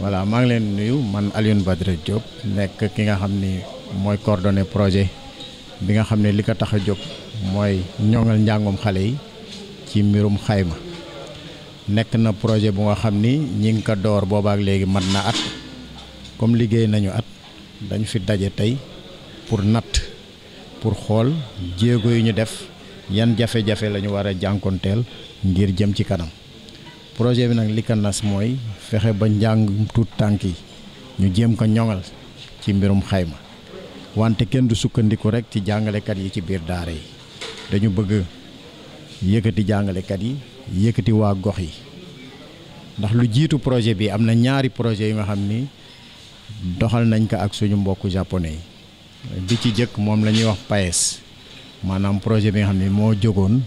voilà maa ngi leen nuyu man Alioune Badara jóg nekk ki nga xam ni mooy coordonné projet bi nga xam ne li ko tax a jóg mooy ñoŋal njàngum xale yi ci mbirum xayma nekk na projet bu nga xam ni ñi ngi ko door boobaak léegi mat na at comme liggéey nañu at dañu fi daje tey pour natt pour xool jéego yi ñu def yan jafe-jafe la ñu war a jànkonteel ngir jëm ci kanam projet bi nag li ko mooy fexe ba njàngum tuut tànk yi ñu jéem ko ñoŋal ci mbirum xayma wante kenn du sukkandiku rek ci jàngalekat yi ci biir daara yi dañu bëgg yëkkati jàngalekat yi yëkkati waa gox yi ndax lu jiitu projet bi am na ñaari projet yi nga xam ni doxal nañ ko ak suñu mbokku japonais yi bi ci jëkk moom la ñuy wax PAES maanaam projet bi nga xam ne moo jógoon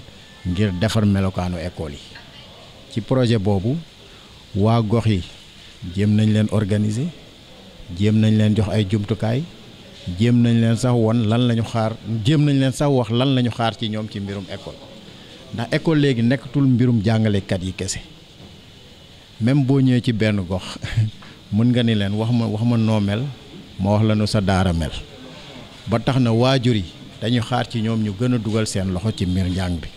ngir defar melokaanu école yi ci projet boobu waa gox yi jéem nañ leen organiser jéem nañ leen jox ay jumtukaay jéem nañ leen sax won lan la xaar jéem nañ leen sax wax lan la ñu xaar ci ñoom ci mbirum école ndax école léegi nekkatul mbirum jàngalekat yi kese même boo ñëwee ci benn gox mën nga ni leen wax ma wax ma noo mel ma wax la sa daara mel ba tax na waajur yi dañuy xaar ci ñoom ñu gën a dugal seen loxo ci mbir njàng bi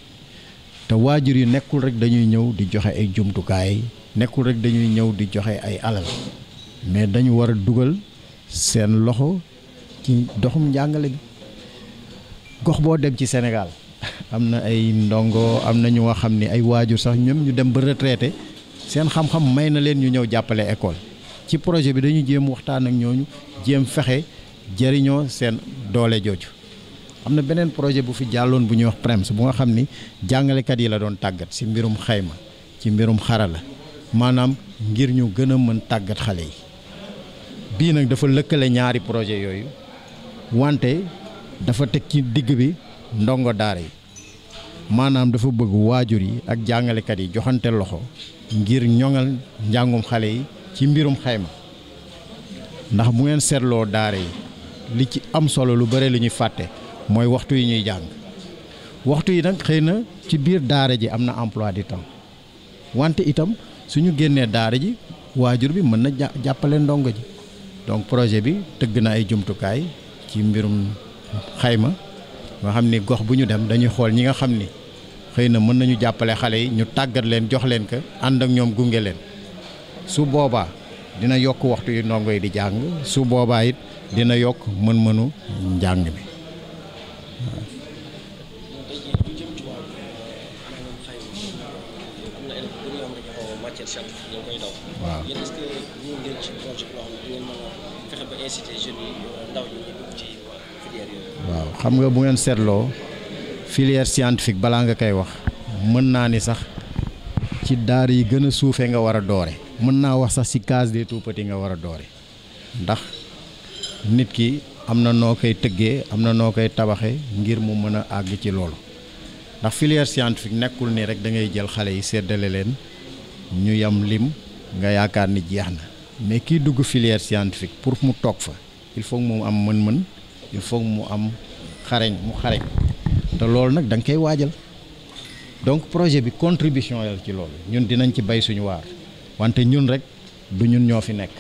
te waajur yu nekkul rek dañuy ñëw di joxe ay jumtukaay nekkul rek dañuy ñëw di joxe ay alal mais dañu war a dugal seen loxo ci doxum njàngale bi gox boo dem ci Sénégal am na ay ndongo am nañu ñu xam ni ay waajur sax ñoom ñu dem ba retraité seen xam-xam may na leen ñu ñëw jàppale école ci projet bi dañu jéem waxtaan ak ñooñu jéem fexe jëriñoo seen doole jooju am na beneen projet bu fi jàlloon bu ñu wax PREMS bu nga xam ni jàngalekat yi la doon tàggat si mbirum xayma ci mbirum xarala maanaam ngir ñu gën a mën tàggat xale yi bii nag dafa lëkkale ñaari projet yooyu wante dafa teg ci digg bi ndongo daara yi maanaam dafa bëgg waajur yi ak jàngalekat yi joxante loxo ngir ñoŋal njàngum xale yi ci mbirum xayma ndax mu ngeen seetloo daara yi li ci am solo lu bare lu ñuy fàtte mooy waxtu yi ñuy jàng waxtu yi nag xëy na ci biir daara ji am na emploi du temps wante itam suñu génnee daara ji waajur bi mën na jàppale ndongo ji donc projet bi tëgg na ay jumtukaay ci mbirum xayma nga xam ni gox bu ñu dem dañuy xool ñi nga xam ni xëy na mën nañu jàppale xale yi ñu tàggat leen jox leen ko ànd ak ñoom gunge leen su boobaa dina yokk waxtu yi ndongo yi di jàng su boobaa it dina yokk mën-mënu jàng bi certifié euh, waaw xam nga bu ngeen seetloo filière scientifique balaa nga koy wax mën naa ni sax ci daar yi gën a suufee nga war a doore. mën naa wax sax ci case des tout-petits nga war a doore ndax nit ki am na noo koy tëggee am na noo koy tabaxe ngir mu mën a àgg ci loolu. ndax filière scientifique nekkul ni rek da ngay jël xale yi seddale leen ñu yam lim nga yaakaar ni jeex na mais kii dugg filière scientifique pour mu toog fa il faut moom am mën-mën il faut mu am xareñ mu xareñ te loolu nag danga koy waajal donc projet bi contribution la ci lool ñun dinañ ci bay suñu waar wante ñun rek du ñun ñoo fi nekk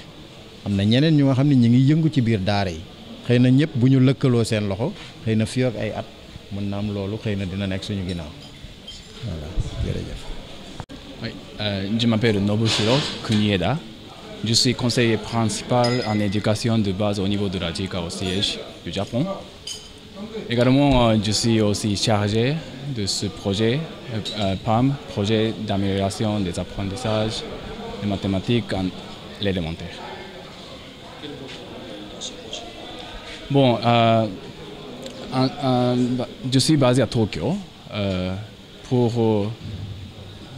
am na ñeneen ñu nga xam ne ñu ngi yëngu ci biir daara yi xëy na ñëpp bu ñu lëkkaloo seen loxo xëy na fii ay at mën na am loolu xëy na dina nekk suñu ginnaaw Oui. Euh, je m'appelle Nobuhiro Kunieda. Je conseiller principal en éducation de base au niveau de la JICA au siège du Japon. Également, euh, je chargé de ce projet euh, euh projet d'amélioration des apprentissages de mathématiques en l'élémentaire. Euh, je suis basé à Tokyo pour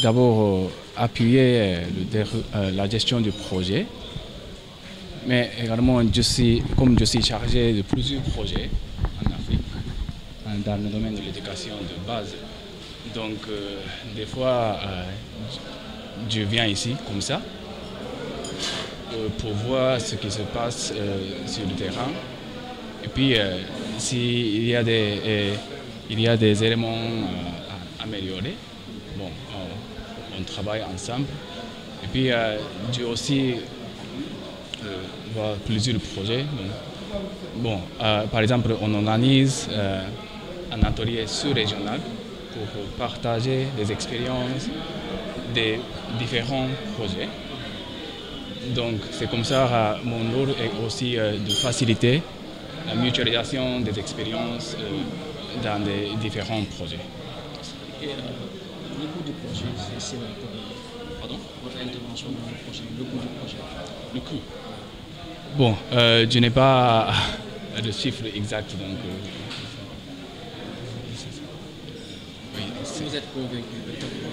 d'abord euh, appuyer euh, le, euh, la gestion du projet, mais également, je suis, comme je suis chargé de plusieurs projets en Afrique, dans le domaine de l'éducation de base, donc euh, des fois, euh, je viens ici comme ça euh, pour voir ce qui se passe sur le terrain. Et puis, s'il y, a des, il y a des éléments à améliorer, bon, on travaille ensemble. Et puis, j'ai aussi euh, plusieurs projets. bon, euh, par exemple, on organise euh, un atelier sous-régional pour partager des expériences des différents projets. Donc c'est comme ça, mon rôle est aussi de faciliter la mutualisation des expériences dans les différents projets. le coût euh, je n'ai pas de chiffre exact, donc... Euh,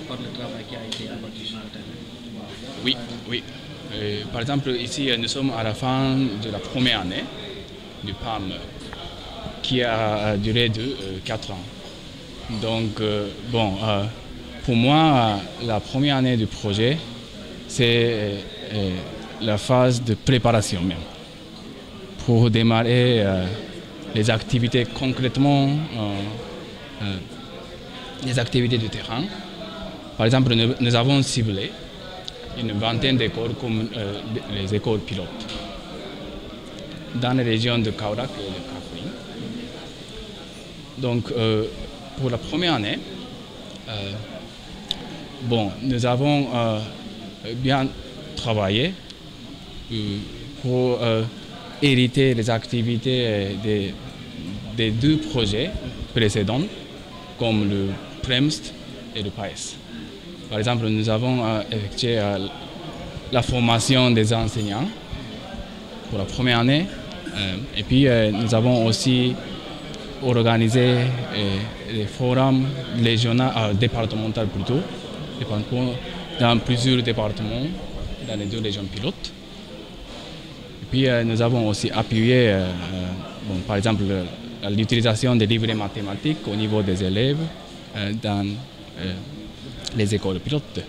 par le travail qui a été abattu sur le terrain Oui, euh, par exemple, ici, nous sommes à la fin de la première année du PAM, qui a duré de 4 ans. Donc, bon... Pour moi, la première année du projet, c'est euh, euh, la phase de préparation même. Pour démarrer euh, les activités concrètement, euh, euh, les activités de terrain. Par exemple, nous, nous avons ciblé une vingtaine d'écoles comme euh, les écoles pilotes dans les régions de Kaurak et de Kakouin. Donc, pour la première année, Bon, nous avons euh, bien travaillé euh, pour euh, hériter les activités des, des, deux projets précédents, comme le PREMST et le PAES. Par exemple, nous avons euh, effectué la formation des enseignants pour la première année. et puis, nous avons aussi organisé des forums régionaux, départementaux plutôt, dans plusieurs départements, dans les deux régions pilotes. Et puis euh, nous avons aussi appuyé, euh, euh bon, par exemple, l'utilisation des livres de mathématiques au niveau des élèves euh, dans euh, les écoles pilotes.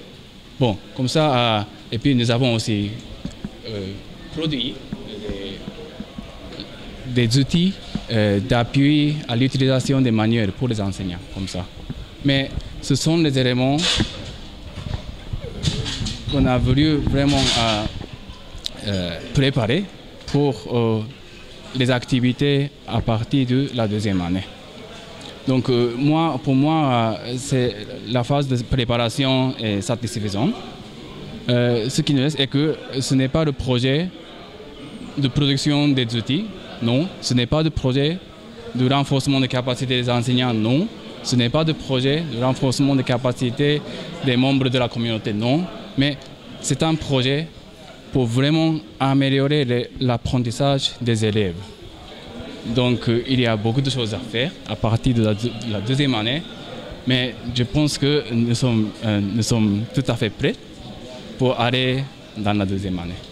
Bon, comme ça, euh, et puis nous avons aussi produit des, des outils d'appui à l'utilisation des manuels pour les enseignants, comme ça. Mais ce sont les éléments qu'on a voulu vraiment euh, euh préparer pour euh, les activités à partir de la deuxième année. Donc euh, moi, pour moi, c'est la phase de préparation est satisfaisante. ce qui nous reste est que ce n'est pas le projet de production des outils, non. Ce n'est pas de projet de renforcement des capacités des enseignants, non. Ce n'est pas de projet de renforcement des capacité des membres de la communauté, non. Mais c'est un projet pour vraiment améliorer l'apprentissage des élèves. Donc euh, il y a beaucoup de choses à faire à partir de la, de la deuxième année, mais je pense que nous sommes, euh, nous sommes tout à fait prêts pour aller dans la deuxième année.